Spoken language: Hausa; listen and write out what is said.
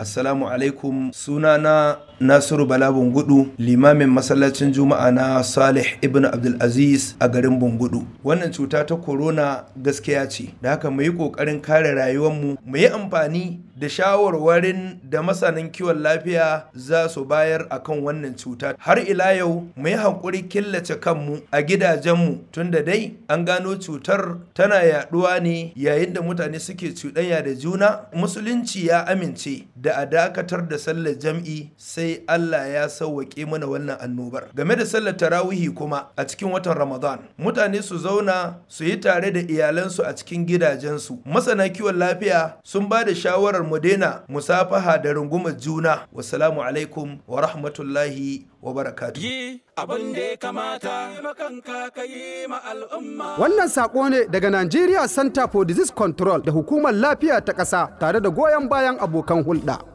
Assalamu alaikum Suna na Nasiru Bala Bungudu limamin masallacin Juma'a na Salih Ibn Abdulaziz a garin Bungudu. Wannan cuta ta corona gaskiya ce, da haka mu yi ƙoƙarin kare rayuwarmu, mu yi amfani da shawarwarin da masanan kiwon lafiya za su bayar a kan wannan cuta. Har ila yau mu yi haƙuri killace kanmu a gidajenmu tunda dai an gano cutar tana yaɗuwa ne yayin da mutane suke cuɗanya da juna. Musulunci ya amince da da a dakatar da sallar jam'i sai Allah ya sauwaƙe mana wannan annobar game da sallar tarawihi kuma a cikin watan Ramadan mutane su zauna su yi tare da iyalansu a cikin gidajensu masana kiwon lafiya sun ba da shawarar mu daina musafaha da rungumar juna Wassalamu alaikum wa rahmatullahi wa barakatuhu. Yi abin da ya kamata makanka ka yi ma al'umma. Wannan saƙo ne daga Nigeria Center for Disease Control da Hukumar Lafiya ta ƙasa tare da goyon bayan abokan hulɗa.